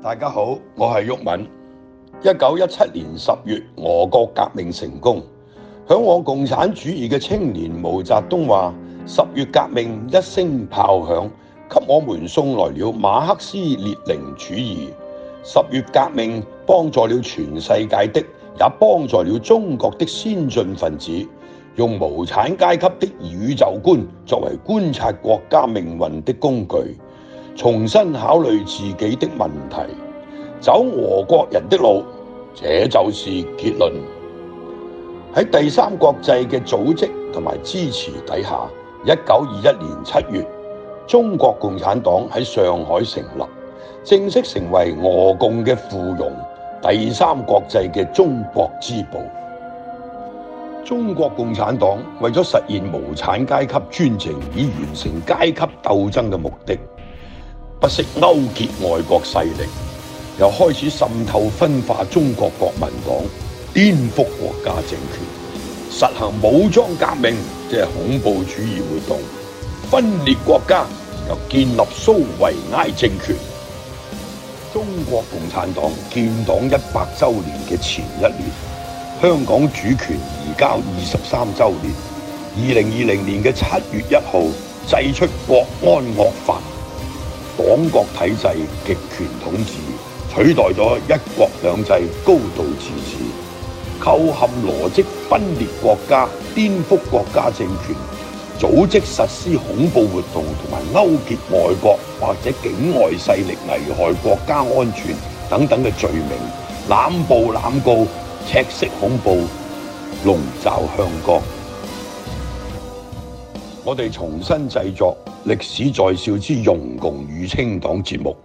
大家好，我係郁敏。一九一七年十月，俄國革命成功。向往共產主義嘅青年毛澤東話：十月革命一聲炮響，給我們送來了馬克思列寧主義。十月革命幫助了全世界的，也幫助了中國的先進分子，用無產階級的宇宙觀作為觀察國家命運的工具。重新考慮自己的問題，走俄國人的路，這就是結論。喺第三國際嘅組織同埋支持底下，一九二一年七月，中國共產黨喺上海成立，正式成為俄共嘅附庸，第三國際嘅中國支部。中國共產黨為咗實現無產階級專政以完成階級鬥爭嘅目的。不惜勾結外國勢力，又開始滲透分化中國國民黨，顛覆國家政權，實行武裝革命，即係恐怖主義活動，分裂國家，又建立蘇維埃政權。中國共產黨建黨一百周年嘅前一年，香港主權移交二十三周年，二零二零年嘅七月一號，祭出國安惡法。黨國體制極權統治取代咗一國兩制高度自治，構陷羅織分裂國家、顛覆國家政權、組織實施恐怖活動同埋勾結外國或者境外勢力危害國家安全等等嘅罪名，濫捕濫告、赤色恐怖，籠罩香港。我哋重新製作歷史在笑之容共與清黨節目，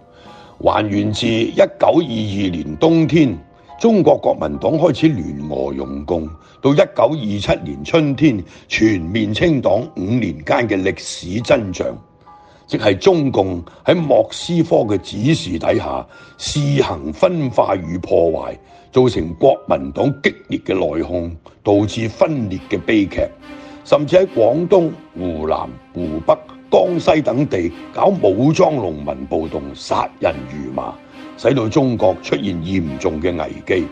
還原自一九二二年冬天，中國國民黨開始聯俄容共，到一九二七年春天全面清黨五年間嘅歷史真相，即係中共喺莫斯科嘅指示底下試行分化與破壞，造成國民黨激烈嘅內訌，導致分裂嘅悲劇。甚至喺廣東、湖南、湖北、江西等地搞武裝農民暴動，殺人如麻，使到中國出現嚴重嘅危機。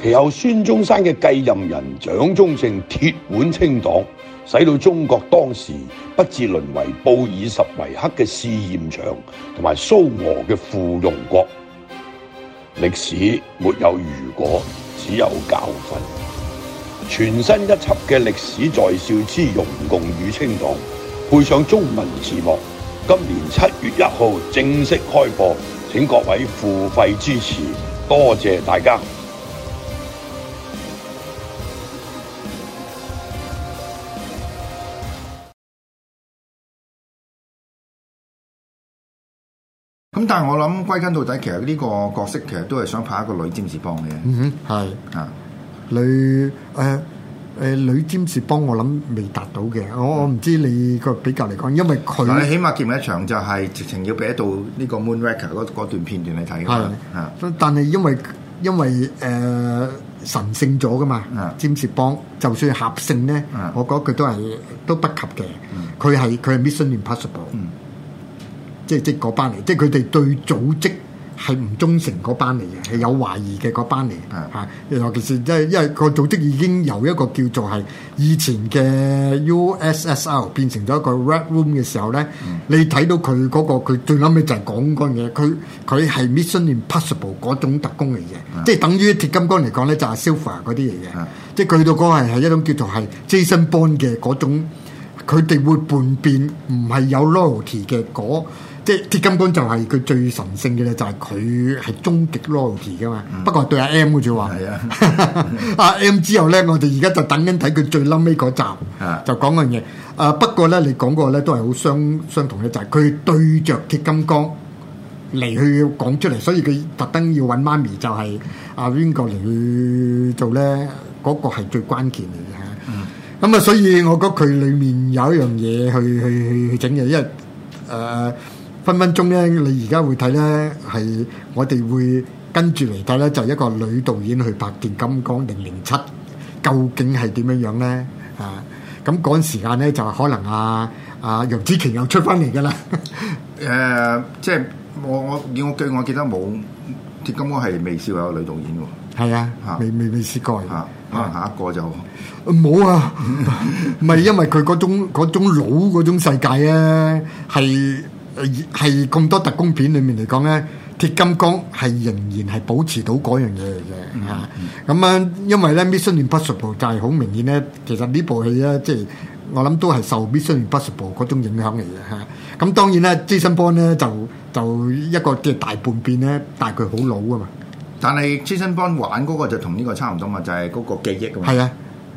其後孫中山嘅繼任人蔣中正鐵腕清黨，使到中國當時不至淪為布爾什維克嘅試驗場，同埋蘇俄嘅附庸國。歷史沒有如果，只有教訓。全新一輯嘅歷史在笑之容共與清黨，配上中文字幕，今年七月一號正式開播，請各位付費支持，多謝大家。咁但係我諗歸根到底，其實呢個角色其實都係想拍一個女占士邦嘅。嗯哼，係啊。女誒，誒，女占士邦，我諗，未達到嘅。我我唔知你個比較嚟講，因為佢。起碼見一場就係直情要俾到呢個 Moonraker 嗰段片段你睇㗎嘛？係但係因為因為誒神聖咗㗎嘛，占士邦就算合性咧，我覺得佢都係都不及嘅。佢係佢係 Mission Impossible，即係即係嗰班嚟，即係佢哋對組織。係唔忠誠嗰班嚟嘅，係有懷疑嘅嗰班嚟嘅吓。的尤其是即係因為個組織已經由一個叫做係以前嘅 USSR 變成咗一個 Red Room 嘅時候咧，嗯、你睇到佢嗰、嗰個佢最啱嘅就係講嗰樣嘢，佢佢係 Mission Impossible 嗰種特工嚟嘅，的即係等於鐵金剛嚟講咧就係 Silver 嗰啲嚟嘅，即係佢到嗰係係一種叫做係 Jason Bourne 嘅嗰種，佢哋會叛變，唔係有 Loyalty 嘅嗰、嗰個。即係鐵金剛就係佢最神聖嘅咧，就係佢係終極 loyalty 噶嘛。不過對阿 M 好似話。係啊，阿 M 之後咧，我哋而家就等緊睇佢最撚尾嗰集，就講嗰樣嘢。誒不過咧，你講過咧都係好相相同嘅，就係佢對着鐵金剛嚟去講出嚟，所以佢特登要揾媽咪就係阿邊個嚟去做咧，嗰、嗰個係最關鍵嚟嘅咁啊，所以我覺得佢裡面有一樣嘢去去去整嘅，因為誒。呃分分鐘咧，你而家會睇咧，係我哋會跟住嚟睇咧，就係一個女導演去拍《鐵金剛零零七》，究竟係點樣樣咧？啊，咁嗰陣時間咧，就可能啊啊楊紫瓊又出翻嚟噶啦。誒，即係我我以我記，我記得冇《鐵金剛》係未試過有女導演喎。係啊，未未未試過啊。可能下一個就冇啊，唔係因為佢嗰種嗰種老嗰種世界咧係。係咁多特工片裏面嚟講咧，鐵金剛係仍然係保持到嗰樣嘢嚟嘅，嚇咁樣，因為咧 Mission Impossible 就係好明顯咧，其實呢部戲咧，即係我諗都係受 Mission Impossible 嗰種影響嚟嘅嚇。咁當然咧，Jason Bourne 咧就就一個嘅大半邊咧，但係佢好老啊嘛。但係 Jason Bourne 玩嗰個就同呢個差唔多嘛，就係嗰個記憶啊嘛。係啊，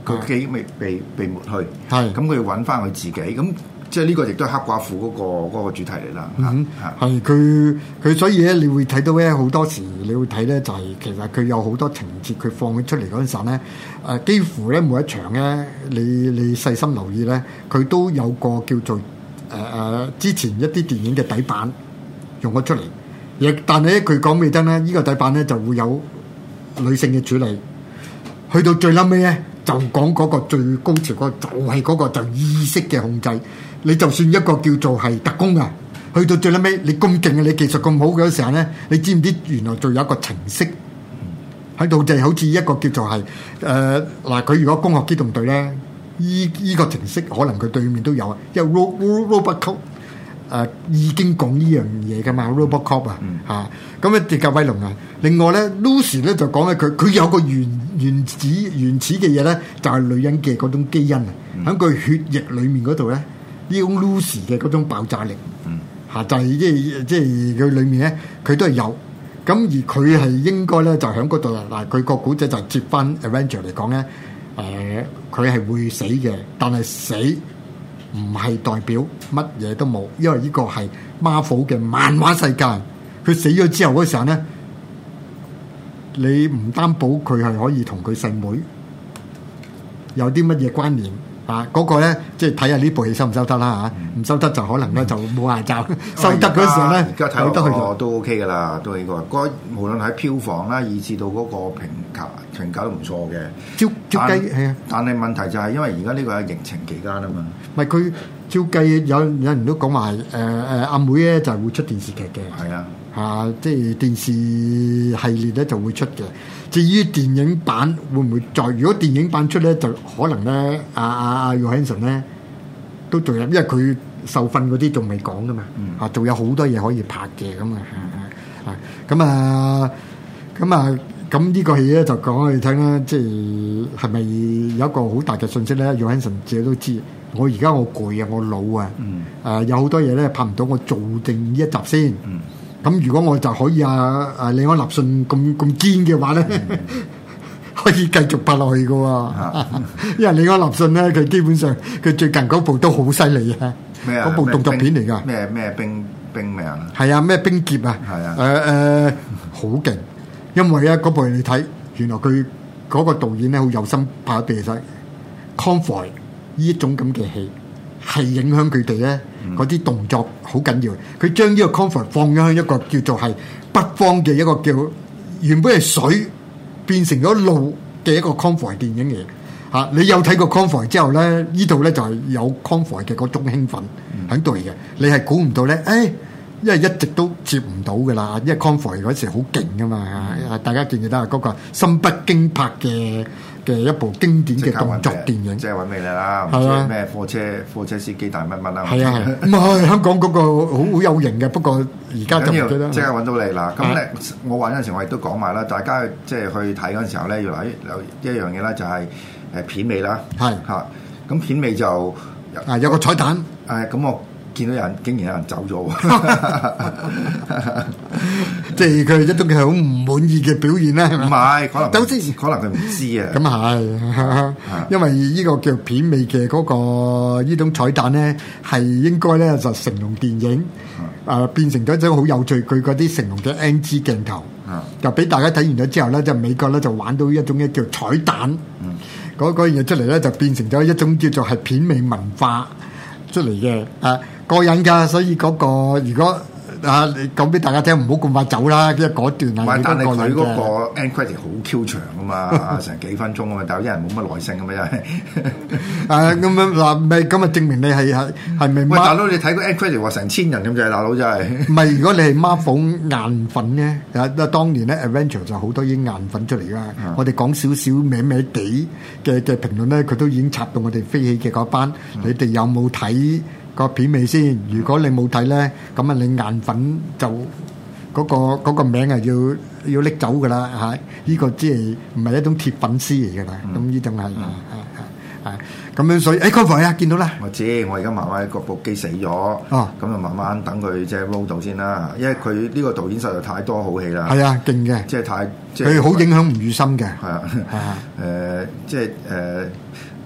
佢記憶未被被抹去，係咁佢要揾翻佢自己咁。即係呢個亦都係黑寡婦嗰個主題嚟啦嚇，佢佢、嗯、是所以咧，你會睇到咧好多時，你會睇咧就係其實佢有好多情節，佢放咗出嚟嗰陣時咧，誒、啊、幾乎咧每一場咧，你你細心留意咧，佢都有個叫做誒誒、呃、之前一啲電影嘅底板用咗出嚟，亦但係咧佢講未得咧，呢、呢個底板咧就會有女性嘅處理，去到最撚尾咧就講嗰個最高潮個就係嗰個就意識嘅控制。你就算一個叫做係特工啊，去到最尾尾，你咁勁啊，你技術咁好嗰陣時候咧，你知唔知原來仲有一個程式喺度，就係好似一個叫做係誒嗱，佢如果攻殼機動隊咧，依依個程式可能佢對面都有啊，因為 Rob Robocop 誒已經講依樣嘢噶嘛，Robocop 啊嚇，咁啊鐵甲威龍啊，另外咧 Lucy 咧就講咧佢佢有個原原始原始嘅嘢咧，就係女人嘅嗰種基因啊，喺佢血液裡面嗰度咧。呢種 Lucy 嘅嗰種爆炸力，嚇、嗯啊、就係、是、即係即係佢裏面咧，佢都係有。咁而佢係應該咧就喺嗰度嗱，佢個古仔就接翻 Avenger 嚟講咧，誒佢係會死嘅，但係死唔係代表乜嘢都冇，因為呢個係 Marvel 嘅漫畫世界，佢死咗之後嗰時候咧，你唔擔保佢係可以同佢細妹有啲乜嘢關聯。嗰個咧，即係睇下呢部戲收唔收得啦嚇，唔、嗯、收得就可能咧就冇下晝收得嗰時候咧，睇得佢到都 OK 噶啦，都應該。個無論喺票房啦，以至到嗰個評價評價都唔錯嘅。照照計係啊，但係的問題就係因為而家呢個係疫情期間啊嘛。唔係佢照計有有人都講話誒誒阿妹咧就係會出電視劇嘅。係啊。啊， uh, 即係電視系列咧就會出嘅。至於電影版會唔會再？如果電影版出咧，就可能咧、啊，阿阿阿 Johansson a 咧都進入，因為佢受訓嗰啲仲未講噶嘛、hmm. 嗯嗯。啊，仲有好多嘢可以拍嘅咁啊。咁啊，咁啊，咁呢個戲咧就講你聽、就、啦、是。即係係咪有一個好大嘅信息咧？Johansson a 自己都知。我而家我攰啊，我老啊。誒、嗯，uh, 有好多嘢咧拍唔到我，我做定呢一集先。咁如果我就可以啊，阿李安立信咁咁堅嘅話咧，嗯、 可以繼續拍落去嘅喎、啊。嗯、因為李安立信咧，佢基本上佢最近嗰部都好犀利啊。咩啊麼？嗰部動作片嚟㗎？咩咩冰冰咩啊？係啊！咩冰劫啊？係啊！誒、呃、誒，好勁！因為咧、啊、嗰部你睇，原來佢嗰、嗰個導演咧好有心拍啲嘢，出 Convoy 呢種咁嘅戲係影響佢哋咧。嗰啲動作好緊要，佢將呢個 Convoy 放咗喺一個叫做係北方嘅一個叫原本係水變成咗路嘅一個 Convoy 電影嚟。嚇、啊，你有睇過 Convoy 之後咧，呢度咧就係有 Convoy 嘅嗰種興奮響度嚟嘅。你係估唔到咧，誒，因為一直都接唔到㗎啦，因為 Convoy 嗰時好勁噶嘛，嗯、大家記唔記得嗰、那個森畢京柏嘅？嘅一部經典嘅動作電影，即係揾你啦！咩貨車貨車司機大乜乜啦，係啊係，香港嗰個好好有型嘅，不過而家就唔記得，即刻揾到你啦！咁咧，我揾嗰陣時我亦都講埋啦，大家即係去睇嗰陣時候咧，原來有一樣嘢咧就係誒片尾啦，係嚇，咁片尾就啊有個彩蛋，誒咁我見到有人竟然有人走咗喎。佢佢一種佢好唔滿意嘅表現啦，唔係是，都好似可能佢唔知啊。咁啊係， 因為呢個叫片尾嘅嗰個呢 種彩蛋咧，係應該咧就成龍電影啊、呃、變成咗一種好有趣，佢嗰啲成龍嘅 NG 鏡頭，就俾 大家睇完咗之後咧，就美國咧就玩到一種嘅叫彩蛋，嗰樣嘢出嚟咧就變成咗一種叫做係片尾文化出嚟嘅，啊過癮㗎，所以嗰、嗰個、嗰個、如果。啊！你講俾大家聽，唔好咁快走啦，即係嗰段啊！唔係，但係佢嗰個 entertainment 好 Q 長啊嘛，成幾分鐘啊嘛，但有啲人冇乜耐性啊嘛，係啊咁樣嗱咪咁啊，證明你係係係咪？喂，大佬你睇個 entertainment 成千人咁滯，大佬真係唔係？如果你係 Marvel 粉、硬粉咧，啊，當年咧，Avengers 就好多啲硬粉出嚟噶。我哋講少少歪歪地嘅嘅評論咧，佢都已經插到我哋飛起嘅嗰班。你哋有冇睇個片尾先，如果你冇睇咧，咁、嗯、啊，你硬粉就嗰、那個那個名啊要要拎走噶啦嚇！依、這個即係唔係一種鐵粉絲嚟噶啦？咁呢種係係係係咁樣，所以哎，哥房啊，見到啦！我知，我而家慢慢個部機死咗，哦，咁就慢慢等佢即係 load 到先啦。因為佢呢個導演實在太多好戲啦，係啊，勁嘅，即係太即係好影響吳宇森嘅，係啊，誒、啊，即係誒。呃呃呃呃呃呃呃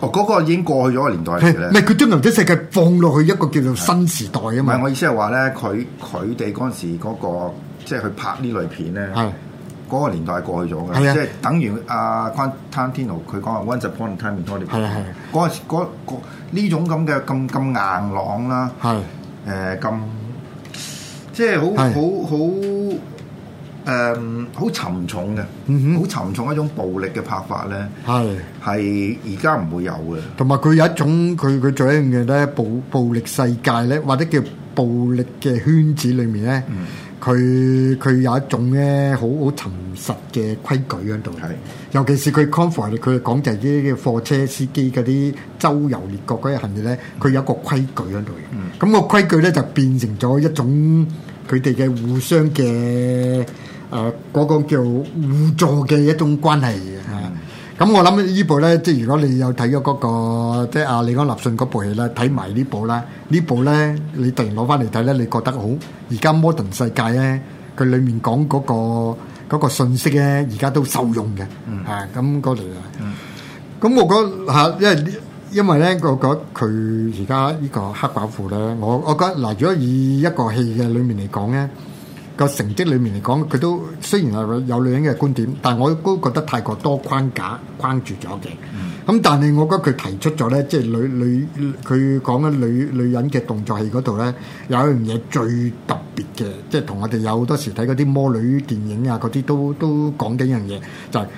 哦，嗰，那個已經過去咗個年代嚟嘅，佢將《銀仔世界》放落去一個叫做新時代啊嘛。唔，我意思係話咧，佢佢哋嗰陣時嗰，那個，即係佢拍呢類片咧，嗰的個年代係過去咗嘅，的即係等於阿昆汀天奴佢講話 Once Upon a Time in Hollywood，係啊係，嗰陣嗰呢種咁嘅咁咁硬朗啦，係誒，咁，即係好好好。的誒，好、um, 沉重嘅，嗯哼、mm，好、hmm. 沉重一種暴力嘅拍法咧，係係而家唔會有嘅。同埋佢有一種佢佢做一樣嘅咧，暴暴力世界咧，或者叫暴力嘅圈子裏面咧，佢佢、mm hmm. 有一種咧，好好沉實嘅規矩喺度。係、mm，hmm. 尤其是佢 cover 佢講就係啲貨車司機嗰啲周遊列國嗰啲行為咧，佢、mm hmm. 有一個規矩喺度嘅。咁、mm hmm. 個規矩咧就變成咗一種佢哋嘅互相嘅。誒嗰、呃那個叫互助嘅一種關係嘅。咁、嗯啊、我諗呢部咧，即係如果你有睇咗嗰個，即係阿李安立信嗰部戲啦，睇埋呢部啦，呢部咧你突然攞翻嚟睇咧，你覺得好而家 modern 世界咧，佢裡面講嗰、那個那個信息咧，而家都受用嘅嚇，咁過嚟啦。咁我覺得嚇、啊，因為因為咧我覺得佢而家呢個黑寡婦咧，我我覺得嗱，如果以一個戲嘅裡面嚟講咧。個成績裏面嚟講，佢都雖然係有女人嘅觀點，但我都覺得太過多框架框住咗嘅。咁、嗯、但係我覺得佢提出咗咧，即係女女佢講嘅女女人嘅動作戲嗰度咧，有一樣嘢最特別嘅，即係同我哋有好多時睇嗰啲魔女電影啊，嗰啲都都講緊一樣嘢，就係、是、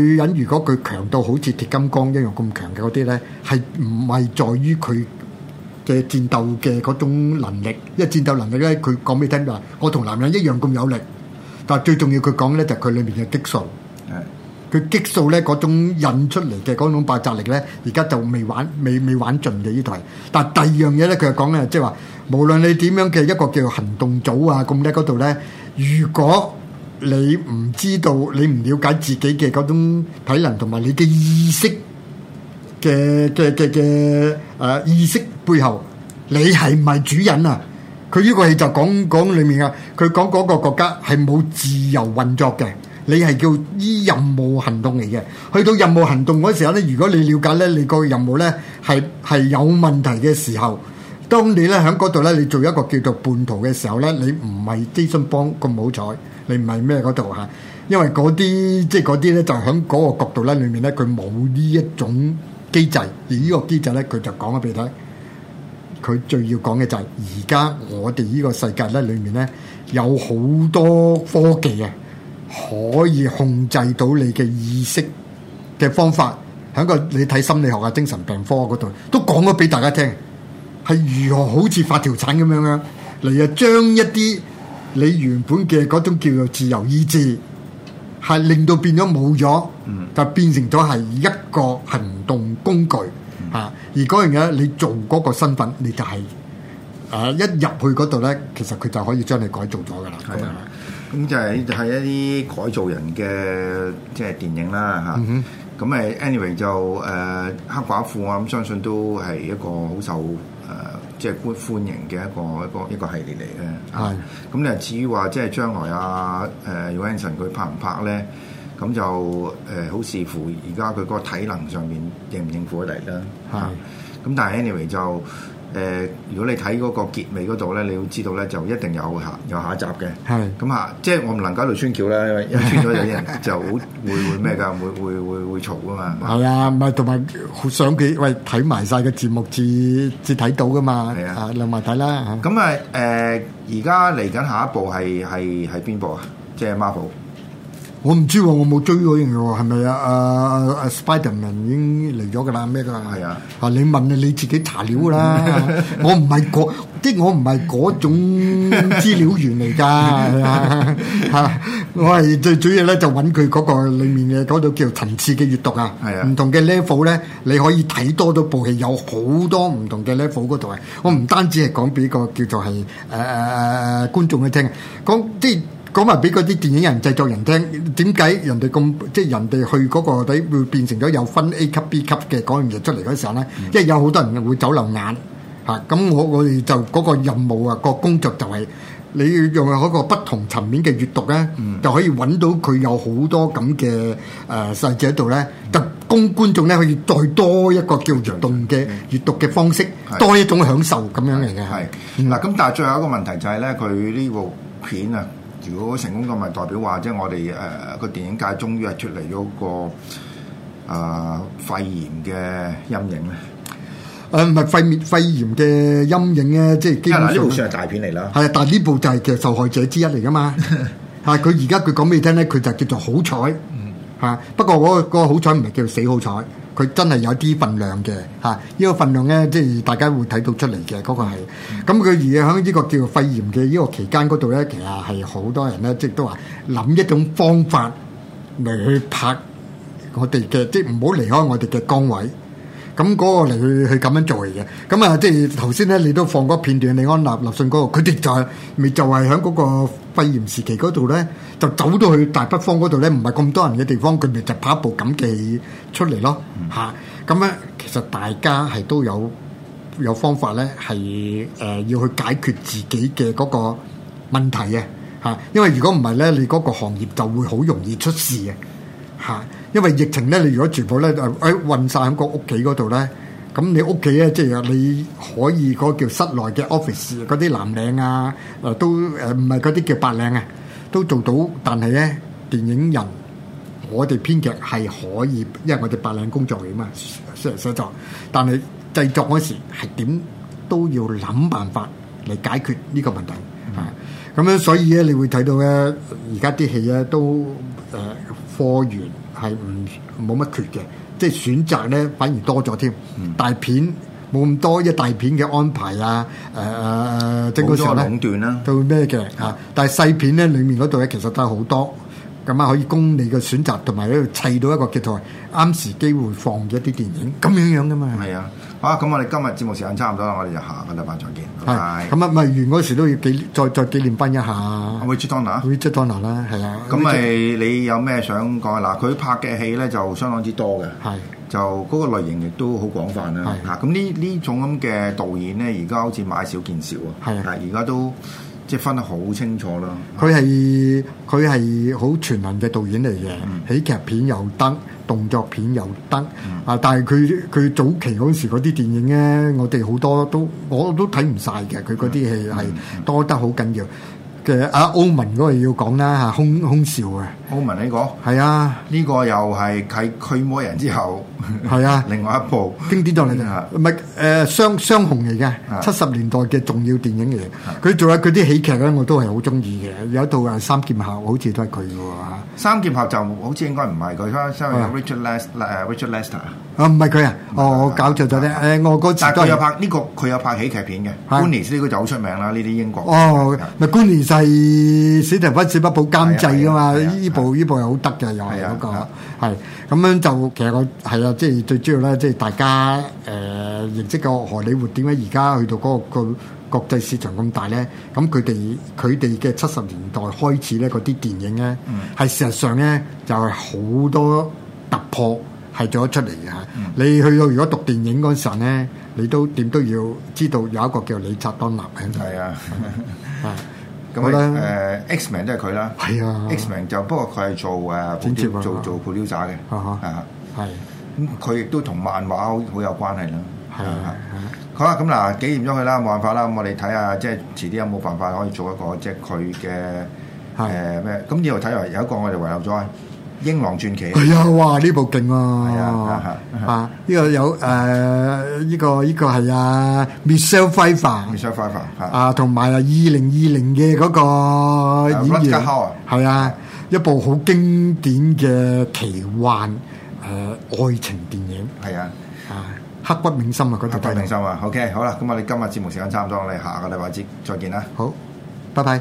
女人如果佢強到好似鐵金剛一樣咁強嘅嗰啲咧，係唔係在於佢？嘅戰鬥嘅嗰種能力，因為戰鬥能力咧，佢講俾你聽就話，我同男人一樣咁有力。但係最重要，佢講咧就係佢裏面嘅激素，佢激素咧嗰種引出嚟嘅嗰種爆炸力咧，而家就未玩未未玩盡嘅呢台。但係第二樣嘢咧，佢又講咧，即係話，無論你點樣嘅一個叫做行動組啊，咁叻嗰度咧，如果你唔知道，你唔瞭解自己嘅嗰種體能同埋你嘅意識嘅嘅嘅嘅啊意識。背後你係唔係主人啊？佢呢個戲就講講裏面啊，佢講嗰個國家係冇自由運作嘅。你係叫依任務行動嚟嘅，去到任務行動嗰時候咧，如果你了解咧，你個任務咧係係有問題嘅時候，當你咧喺嗰度咧，你做一個叫做叛徒嘅時候咧，你唔係資深幫咁好彩，你唔係咩嗰度吓，因為嗰啲即係嗰啲咧就喺嗰個角度咧裏面咧，佢冇呢一種機制，而呢個機制咧，佢就講俾你睇。佢最要講嘅就係而家我哋呢個世界咧，裏面咧有好多科技啊，可以控制到你嘅意識嘅方法，喺個你睇心理學啊、精神病科嗰度都講咗俾大家聽，係如何好似發條橙咁樣啊，嚟啊將一啲你原本嘅嗰種叫做自由意志，係令到變咗冇咗，就變成咗係一個行動工具。吓！而嗰樣嘢你做嗰個身份，你就係、是、啊一入去嗰度咧，其實佢就可以將你改造咗㗎啦。咁啊，咁就係係一啲改造人嘅即係電影啦吓。咁啊、嗯、哼，anyway 就誒、呃、黑寡婦啊，咁相信都係一個好受誒即係歡歡迎嘅一個一個一個系列嚟嘅。係、啊。咁的你話至於話即係將來啊誒 Robertson 佢拍唔拍咧？咁就誒、呃、好視乎而家佢嗰個體能上面應唔應付得嚟啦嚇。咁是、啊、但係 anyway 就誒、呃，如果你睇嗰個結尾嗰度咧，你要知道咧就一定有下有下集嘅。係咁是啊，即係我唔能夠喺度穿橋啦，因為穿咗有啲人就好會會咩㗎，會會會會嘈㗎嘛。係啊,唔係同埋好想佢喂睇埋晒個節目至至睇到㗎嘛。係啊，留埋睇啦嚇。咁誒誒，而家嚟緊下一部係係係邊部啊？即係 Marvel。我唔知喎，我冇追嗰樣嘅喎，係咪、uh, uh, 啊？阿阿 Spiderman 已經嚟咗嘅啦，咩噶？係啊！啊，你問你自己查料啦。 我唔係嗰啲，我唔係嗰種資料員嚟㗎。嚇、啊！ 我係最主要咧，就揾佢嗰個裡面嘅嗰度叫層次嘅閱讀啊。係啊，唔同嘅 level 咧，你可以睇多到部戲有好多唔同嘅 level 嗰度啊。我唔單止係講俾個叫做係誒誒誒觀眾去聽，講即係。講埋俾嗰啲電影人製作人聽，點解人哋咁，即係人哋去嗰個底會變成咗有分 A 級 B 級嘅嗰樣嘢出嚟嗰時候咧，即係有好多人會走漏眼嚇。咁我我哋就嗰個任務啊，個工作就係你要用嗰個不同層面嘅閲讀咧，就可以揾到佢有好多咁嘅誒細節喺度咧，就供觀眾咧可以再多一個叫做動嘅閲讀嘅方式，多一種享受咁樣嚟嘅。係嗱，咁但係最後一個問題就係咧，佢呢部片啊～如果成功咁，咪代表話即係我哋誒個電影界終於係出嚟咗個、呃、肺炎嘅陰影咧？誒唔係肺炎肺炎嘅陰影咧，啊，即係基本上呢部算係大片嚟啦。係啊，但係呢部就係其實受害者之一嚟噶嘛。嚇！ 佢而家佢講畀你聽咧？佢就叫做好彩。嗯。不過嗰、嗰個嗰、嗰個好彩唔係叫做死好彩。佢真係有啲份量嘅，嚇！呢個份量咧，即係大家會睇到出嚟嘅，嗰個係。咁佢而喺呢個叫肺炎嘅呢個期間嗰度咧，其實係好多人咧，即係都話諗一種方法嚟去拍我哋嘅，即係唔好離開我哋嘅崗位。咁嗰個嚟去去咁樣做嚟嘅。咁啊即係頭先咧，你都放嗰片段，李安立立信嗰、那個，佢哋就咪、是、就係喺嗰個肺炎時期嗰度咧，就走到去大北方嗰度咧，唔係咁多人嘅地方，佢咪就跑一步咁嘅出嚟咯，嚇、嗯啊！咁咧其實大家係都有有方法咧，係誒、呃、要去解決自己嘅嗰個問題嘅嚇、啊，因為如果唔係咧，你嗰個行業就會好容易出事嘅嚇。啊因為疫情咧，你如果全部咧誒，誒混曬喺個屋企嗰度咧，咁你屋企咧即係你可以嗰個叫室內嘅 office 嗰啲藍領啊，誒都誒唔係嗰啲叫白領啊，都做到，但係咧電影人，我哋編劇係可以，因為我哋白領工作嘅嘛，寫寫作，但係製作嗰時係點都要諗辦法嚟解決呢個問題，啊，咁樣所以咧，你會睇到咧而家啲戲咧都誒貨源。係唔冇乜缺嘅，即係選擇咧反而多咗添。嗯、大片冇咁多一大片嘅安排啊，誒、呃、誒，即係嗰種壟斷啦到咩嘅嚇，但係細片咧裡面嗰度咧其實都係好多。咁啊，樣可以供你嘅選擇，同埋喺度砌到一個劇台，啱時機會放一啲電影，咁樣樣噶嘛。係啊，啊咁我哋今日節目時間差唔多啦，我哋就下個禮拜再見。好，咁啊，咪、啊、完嗰時都要紀再再紀念賓一下。Richard Donner。Richard Donner 啦，係啊。咁咪、啊啊、你有咩想講？嗱、啊，佢拍嘅戲咧就相當之多嘅，係、啊、就嗰個類型亦都好廣泛啦。係啊，咁呢呢種咁嘅導演咧，而家好似買少見少啊。係啊，而家都。即係分得好清楚啦，佢係佢係好全能嘅導演嚟嘅，喜劇、嗯、片又得，動作片又得。啊、嗯！但係佢佢早期嗰陣時嗰啲電影咧，我哋好多都我都睇唔晒嘅。佢嗰啲戲係多得好緊要。嗯嗯嗯嘅阿歐文嗰個要講啦嚇，兇兇兆嘅。歐文呢個係啊，呢個又係佢驅魔人之後係啊，另外一部經典作品。唔係誒雙雙雄嚟嘅，七十年代嘅重要電影嚟。佢仲有佢啲喜劇咧，我都係好中意嘅。有一套係三劍俠，好似都係佢嘅喎嚇。三劍俠就好似應該唔係佢，因為有 Richard Lester 誒 Richard Lester 啊，唔係佢啊，我搞錯咗咧誒，我個但係佢有拍呢個，佢有拍喜劇片嘅。Goonies 呢個就好出名啦，呢啲英國哦，咪 Goonies。就係史提芬史匹堡監製噶嘛？呢對部呢對部又好得嘅，又係嗰個係咁樣，就其實我係啊，即係最主要咧，即係大家誒、呃、認識個荷里活點解而家去到嗰、那個到個國際市場咁大咧？咁佢哋佢哋嘅七十年代開始咧，嗰啲電影咧，係、嗯、事實上咧就係好多突破係做得出嚟嘅嚇。嗯、你去到如果讀電影嗰時候咧，你都點都要知道有一個叫李察當納嘅。係啊。對對咁咧，誒那 Xman 都係佢啦，係啊，啊，Xman 就不過佢係做誒鋪料做、啊、做鋪料渣嘅，啊啊係，咁佢哈亦都同漫畫好，好，好有關係啦，係啊，好啦，咁嗱，紀念咗佢啦，冇辦法啦，咁我哋睇下，即係遲啲有冇辦法可以做一個即係佢嘅誒咩？咁以後睇嚟有一個我就遺留咗。《鷹狼傳奇》係啊！哇！呢部勁喎，哦！係啊！啊！呢個有誒呢個呢個係啊《Michelle Pfeiffer Michelle Pfeiffer 啊，同、這、埋、個這個、啊二零二零嘅嗰個演員係 啊，一部好經典嘅奇幻誒、啊、愛情電影。係啊，刻骨銘心啊，覺得。刻骨銘心啊！OK 好啦，咁我哋今日節目時間差唔多，我哋下個禮拜至再見啦。好，拜拜。